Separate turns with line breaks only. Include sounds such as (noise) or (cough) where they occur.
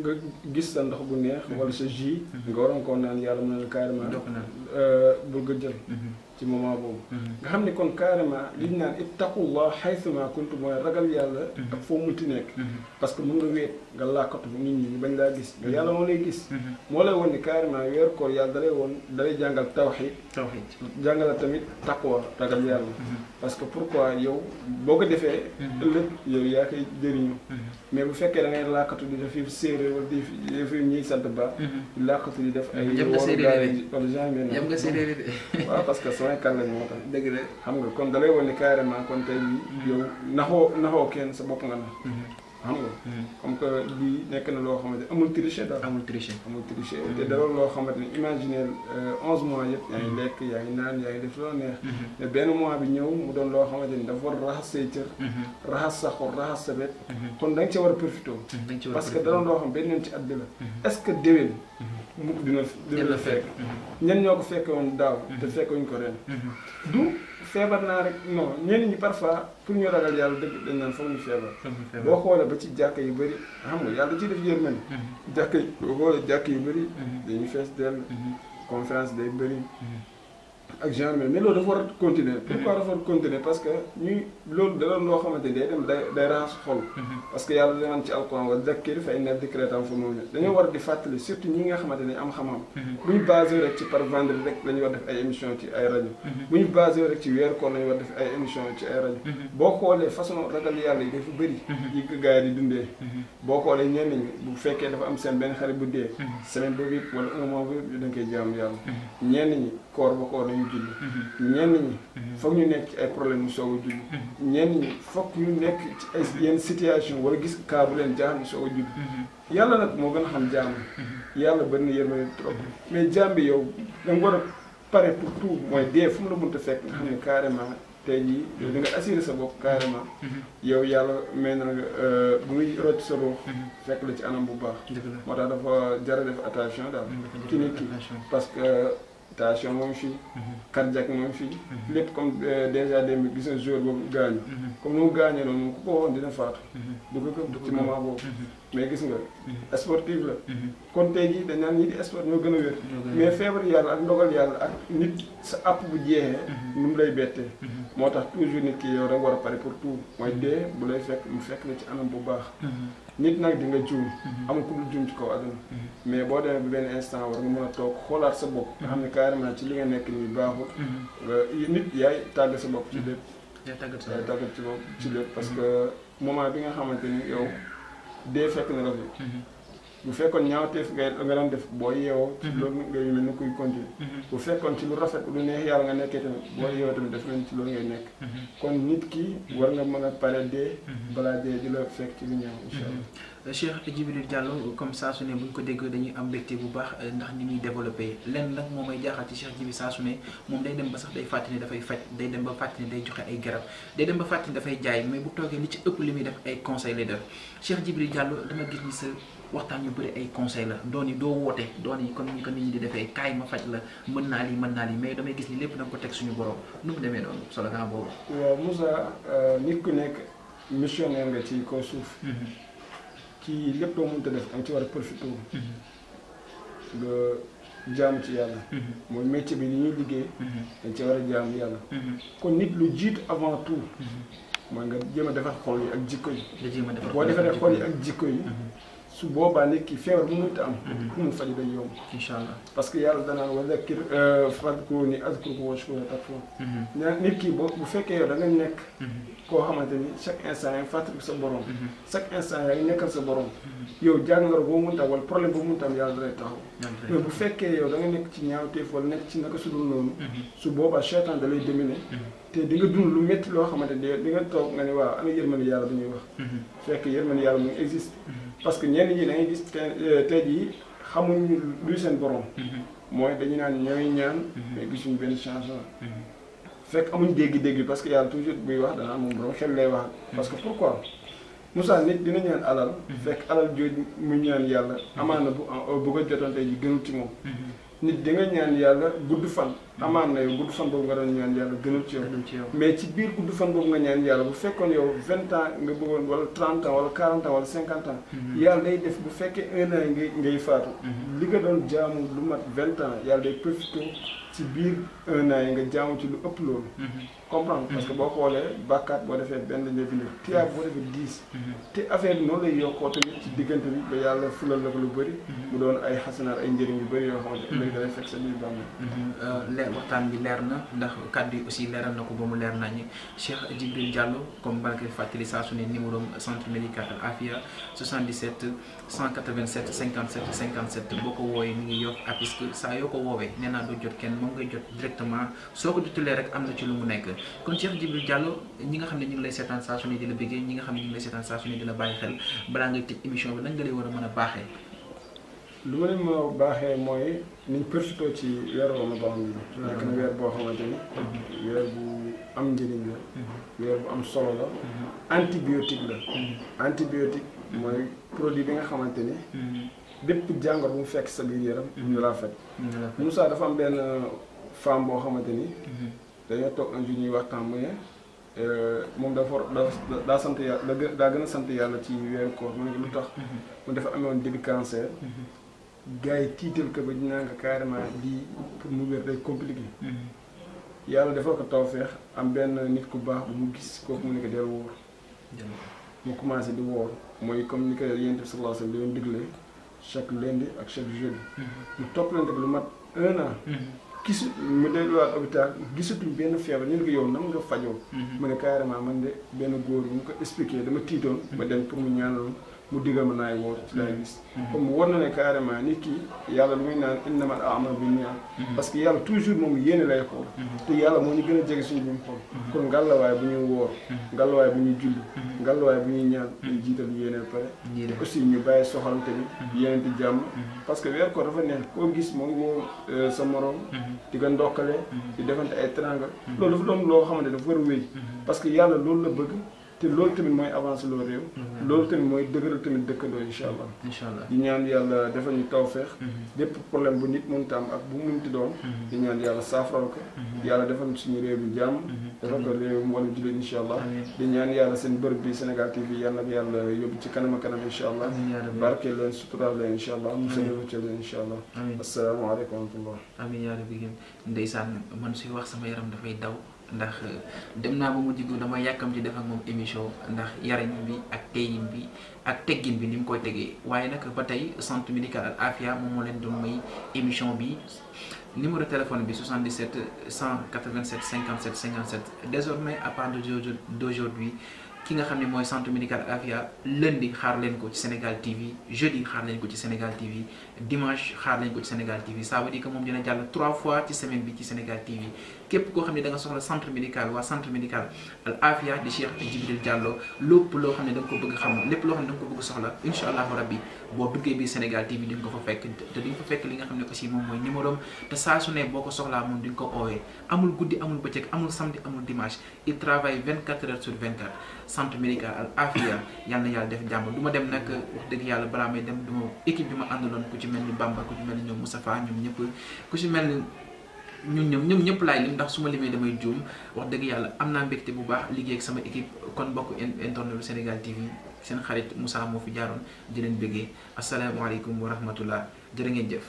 nga gis sa ndox bu neex. Mhm. wala sa jus. Mhm. nga waroon koo naan yàlla mën na la carrément.
Euh, bul ko jël. Mhm.
ci moment boobu. nga xam ne kon carrément li ñu naan ittaqullah xaysuma kuntu mooy ragal yàlla. ak foo munti nekk. parce que mën nga wéet nga làkkatu nit ñi bañ laa gis. yàlla moo lay gis. moo lay woon ni carrément weeru koor yàlla dalay woon dalay jàngal tawxiid. tawxiid jàngala tamit taqwa ragal yàlla. parce que pourquoi yow boo ko defee. Mhm. ëllëg yow yaa koy jëriñu. Mhm. mais bu fekkee da ngay làkkatu di def fi séeréer wala di fi ñuy sant ba. Mhm. di làkkatu di def ay. jëm nga séeréer de wala jëm nga séeréer (laughs) waaw parce que samay kàllañ moo tax. dëgg la xam nga kon da lay wane carrément kon tey yow naxoo naxoo kenn sa bopp nga na xam nga. Hmm. comme que lii nekk na loo xamante amul tricher daal. amul tricher amul tricher hmm. te dara loo xamante ni imaginer euh, onze mois yëpp. yaa ngi hmm. lekk yaa ngi naan yaa ngi def loo neex. mais benn mois bi ñëw mu doon loo xamante ni dafa war a raxas say cër. raxas sa xol raxas sa bët. kon da nga ci war a parce que dara loo xam benn yoon ci at bi la. est que que déwén. mu dina la fekk. ñenn ñoo ko fekk woon daaw. te fekkuñ ko ren. feebar naa rek non ñenn ñi parfois pour ñu ragal yàlla dëgg dañ naan foog ñu feebar. boo xoolee ba ci jàkk yu bëri xam nga yàlla ci def yërmande. Mhm. jàkk yi boo xoolee jàkk yu bëri. Mhm. dañu fees dell. Mhm. conférence day bëri. ak gendarmerie mais loolu dafa war a continuer. Mhm. parce que ñu loolu da doon loo xamante ni day dem day raxas xol. Mhm. parce que yàlla dinañ ci alquran wa zakkir fa inna dikra tanfa'u mu'minin dañoo war di fàttali surtout ñi nga xamante ne am xam-xam. Mhm. bu ñu basé rek ci par vendredi rek lañu ñu war def ay émission ci ay rajo. bu ñu basé rek ci weer koor la war def ay émission ci ay rajo. boo xoolee façon ragal yàlla yi dafa bëri. yi ko gars yi di dundee. boo xoolee ñenn ñ bu fekkee dafa am seen benn xarit bu dee. semaine boobu yëpp wala un mois boobu dañ koor ba koor nañu julli mhm. mhm. mhm. ñenn ñi foog ñu nekk ci ay problème ñu soog a ñenn ñi foog ñu nekk ci ay yenn situation wala gis kaa bu leen jaaxal ñu soog a julli yàlla nag moo gën a xam jaam yàlla bari na yërmande trop mais jaam bi yow danga war a pare pour tout mooy dee fu mu la mënta fekk nga xam ne carrément tey jii da nga assuré sa bopp carrément yow yàlla may na euh, bu muy rocc sa ruux fekk la ci anam bu baax moo tax dafa jara def attention daal ki tension moom fii. Mhm. cardiaque moom fii. Mhm. lépp comme euh, déjà démb gis na jour boobu gaañu. Mhm. comme nu mu gaañee noonu ku ko woon dina faatu. du ko gëm ci moment boobu. mais gis nga sportif la. kon tey jii dañ naan ñii di sport ñoo gën a wér. mais feebar yàlla ak ndogal yàlla ak nit sa app bu jeexee. nu mu lay bettee. moo tax toujours nit ki yow rek war a pare pour tout mooy dee bu lay fekk mu fekk la ci anam bu baax. nit nag di nga amul ku dul juum ci kaw àdduna mhm. mais boo demee ba benn instant war nga mën a toog xoolaat sa bopp nga xam ne carrément ci li nga nekk nii baaxul mhm. nga nit yaay tàgg sa bopp ci lépp yaay tàggat sa bopp ci lépp parce mhm. que moment bi nga xamante ni yow dee fekk na la fi bu fekkoon ñaawteef nga nga daan def boo yeewoo. Mhm. ci loolu ngay mel ni kuy continuer. Mhm. bu fekkoon ci lu rafet lu neex yàlla nga nekkee tamit boo yeewoo tamit daf ngeen ci loolu ngay nekk. Mhm. kon nit ki war nga
mën a pare dee.
balaa dee di la fekk ci lu
ñaaw incha Cheikh Djibril Diallo comme saa su ne bu ñu ko déggee dañuy am mbégte bu baax eh, ndax ni ñuy développé lenn nag moo may jaaxal ci Cheikh Djibril saa su ne moom day dem ba sax day fàttali ne dafay faj day dem ba fàttali day joxe ay garab day dem ba fàttali ne dafay jaay mais bu toogee li ci ëpp li muy def ay conseil lay def Cheikh Djibril Diallo dama gis ni sa waxtaan yu bëri ay conseil la doon yi doo woote doon yi ko nit ñi di defee kaay ma faj la mën naa lii mën naa lii damay gis ni lépp da ko teg suñu borom nu demee noonu slogan boobu.
waaw Moussa euh, nit ku nekk missionnaire nga ci kaw suuf. Mhm. ci loo mënta def am ci war a profité mhm. nga jaam ci yàlla. Mhm. mooy métier bi li ñuy liggéey. dañ ci kon nit lu jiit avant tout. mooy nga jéem a defar xol yi ak jikko yi. nga jéem a defar xol yi ak jikko yi. su boobaa nit ki feebar bu mënta am ku mu faju day yomb allah parce que yàlla danaa wa zakkir euh, fadkuruni azkurkum washkuru takfurun mhm. nit ki boo bu fekkee da nga nekk mhm. koo xamante ni chaque instant yaa ngi fàttaliku sa borom mhm. chaque instant nekkal sa borom yow jàngoro boo mënta am wala problème boo mënta am yàlla da taxaw mais bu fekkee yow da nga nekk ci ñaawteef wala nekk ci naka su noonu su boobaa seytaan da lay dominer té di nga dund lu metti lo xamanteni di nga tok nga ne waaw ana yermane yalla bu ñuy wax. Mhm. fekk yermane yalla mu existe. Mhm. parce que ñen ñi da ngay gis té di euh, jii ñu luy seen borom. moy mhm. dañu naan ñoy ñaan. mais gisuñu benn changement. fekk amuñ dégg-dégg parce que yalla toujours buy wax danaa moom borom xel lay wax. parce que pourquoi Moussa nit dina ñaan alal. fekk alal joj mu ñaan yalla amana bu euh, bu ko jotante ji gënul ci mom nit di nga ñaan yalla guddu fan. amaan na yow gudd fan boobu nga doon ñaan yàlla gënul ci yow. ci yow mais ci biir gudd fan boobu nga ñaan yàlla bu fekkoon yow vingt ans nga bëggoon wala trente ans wala quarante ans wala cinquante ans. Mhm. yàlla day def bu fekkee un an ngay ngay faatu. Mhm. li nga doon jaamu lu mat vingt ans yàlla day profité ci biir un yi nga jaamu ci lu ëpp loolu. Mhm. comprendre parce que boo xoolee bàkkaat boo defee benn njëkk njëkk tiyaab boo defee dix. te affaire bi noonu lay yokkoo bi ba yàlla la lu bëri. mu ay xasanaar ay njëriñ yu
bëri waxtaan bi leer na ndax kàddu yi aussi leeral na ko ba mu leer nañu Cheikh Djibril Diallo comme bala koy fàttali saa ne numéro centre médical Afia 77 187 57 57 boo ko wooyee mi ngi yokk apis saa yoo ko woowee nee naa doo jot kenn moom ngay directement soo ko dutulee am na ci lu mu nekk kon Cheikh Djibril Diallo ñi nga xam ne ñu ngi lay seetaan saa su ne balaa ngay tëj émission bi lan nga lay war a mën a baaxee.
lu ma leen ma baaxee mooy niñ profitoo ci weer Ramadan bi nekk na weer boo xamante ni weer bu am njëriñ la weer bu am solo la antibiotique la antibiotique mooy produit bi nga xamante ni bépp jàngor bu mu fekk sa biir yaram ñu laa faj Moussa dafa am benn femme boo xamante ni mhm. dañoo toog un jour ñuy waxtaan mu ne euh, moom dafa daa sant yàlla daa gën a sant yàlla ci weeru koor mu ne lu tax mhm. mu dafa amoon début cancer mhm. gars yi tiital ko ba ñu naan ko carrément lii pour mu wér day compliqué. Mm-hmm. yàlla defal ko tawfeex am benn nit ku baax bu mu gis kooku mu ne ko del wóor. mu commencé di wóor mooy comme ni ko yonent bi sallallahu alayhi wa sallam leen digle chaque lundi ak chaque jeudi. Mm-hmm. mu toppalante lu mat un an. Mm-hmm. gisu mu delluwaat hôpital gisatuñ benn feebar ñu ne ko yow nan ko fajoo. mu ne carrément man de benn góor bu mu ko expliqué dama tiitoon. ma dem pour mu ñaanal. mu digal ma naay woo ci laay gis. comme war na ne carrément nit kii yàlla lu muy naan innama na amalu bin-niyyat mhm. parce que yàlla toujours moom yéene lay xool. Mhm. te yàlla moo ñu gën a jege suñu bi mu xool. Mhm. kon bu ñuy woor. ngallaawaay bu ñuy julli. ngallaawaay bu ñuy ñaan. dañuy jiital yéene ba pare. te aussi ñu bàyyi soxal tamit. yéene di jàmm. parce que weer ko dafa neex koo gis moom moo euh, sa moroom di ko ndokkale. di defante ay teranga. loolu dafa doon loo xamante dafa war a wéy. parce que yàlla loolu la bëgg. te loolu tamit mooy avancé loo réew. Mhm. loolu tamit mooy dëgëral tamit dëkkandoo incha allah. incha allah di ñaan yàlla defal ñu tawféex. lépp mhm. problème bu nit mënut am ak bu mënut doon. Mhm. di ñaan yàlla saafara ko. yàlla defal suñu réew bi jàmm. defal ko réew mu wala jullit incha allah. di ñaan yàlla seen bërëb bi Sénégal TV yàlla na yàlla yóbbu ci kanam kanam incha allah. barke leen suturaal leen incha allah. musal leen incha allah. amiin asalaamaaleykum wa rahmatullah.
amiin yaa rabbi ndeysaan man suy wax sama yaram dafay daw. ndax dem naa ba mu jiggu dama yakam ci def ak mom émission ndax yariñ bi ak teyin bi ak teggin bi nim koy tegee waaye nag ba centre médical Al Afia mom mo len do may émission bi numéro téléphone bi 77 187 57 57 désormais à partir d'aujourd'hui ki nga xamné moy centre médical Afia lundi xaar len ko ci Sénégal TV jeudi xaar len ko ci Sénégal TV dimanche xaar len ko ci Sénégal TV ça veut dire que mom dina jall 3 fois ci semaine bi ci Sénégal TV képp koo xam ne da nga soxla centre médical waa centre médical al afia di Cheikh Djibril Diallo lépp loo xam ne da ko bëgg xam lépp loo xam ne da ko bëgg soxla incha allahu rabbi boo duggee biir Sénégal TV di ko fa fekk te di fa fekk li nga xam ne aussi moom mooy numéro te saa su ne boo ko soxlaa moom di ko oowee amul guddi amul bëccëg amul samedi amul dimanche il travaille 24 heures sur 24 centre médical al afia na yàlla def jàmm du ñun ñoom ñoom ñëpp laay lim ndax su ma limee damay juum wax dëgg yàlla am naa mbégte bu baax liggéey ak sama équipe kon bokk internet lu Sénégal TV seen xarit Moussa moo fi jaaroon di leen bëggee asalaamaaleykum wa rahmatullah jërë ngeen jëf.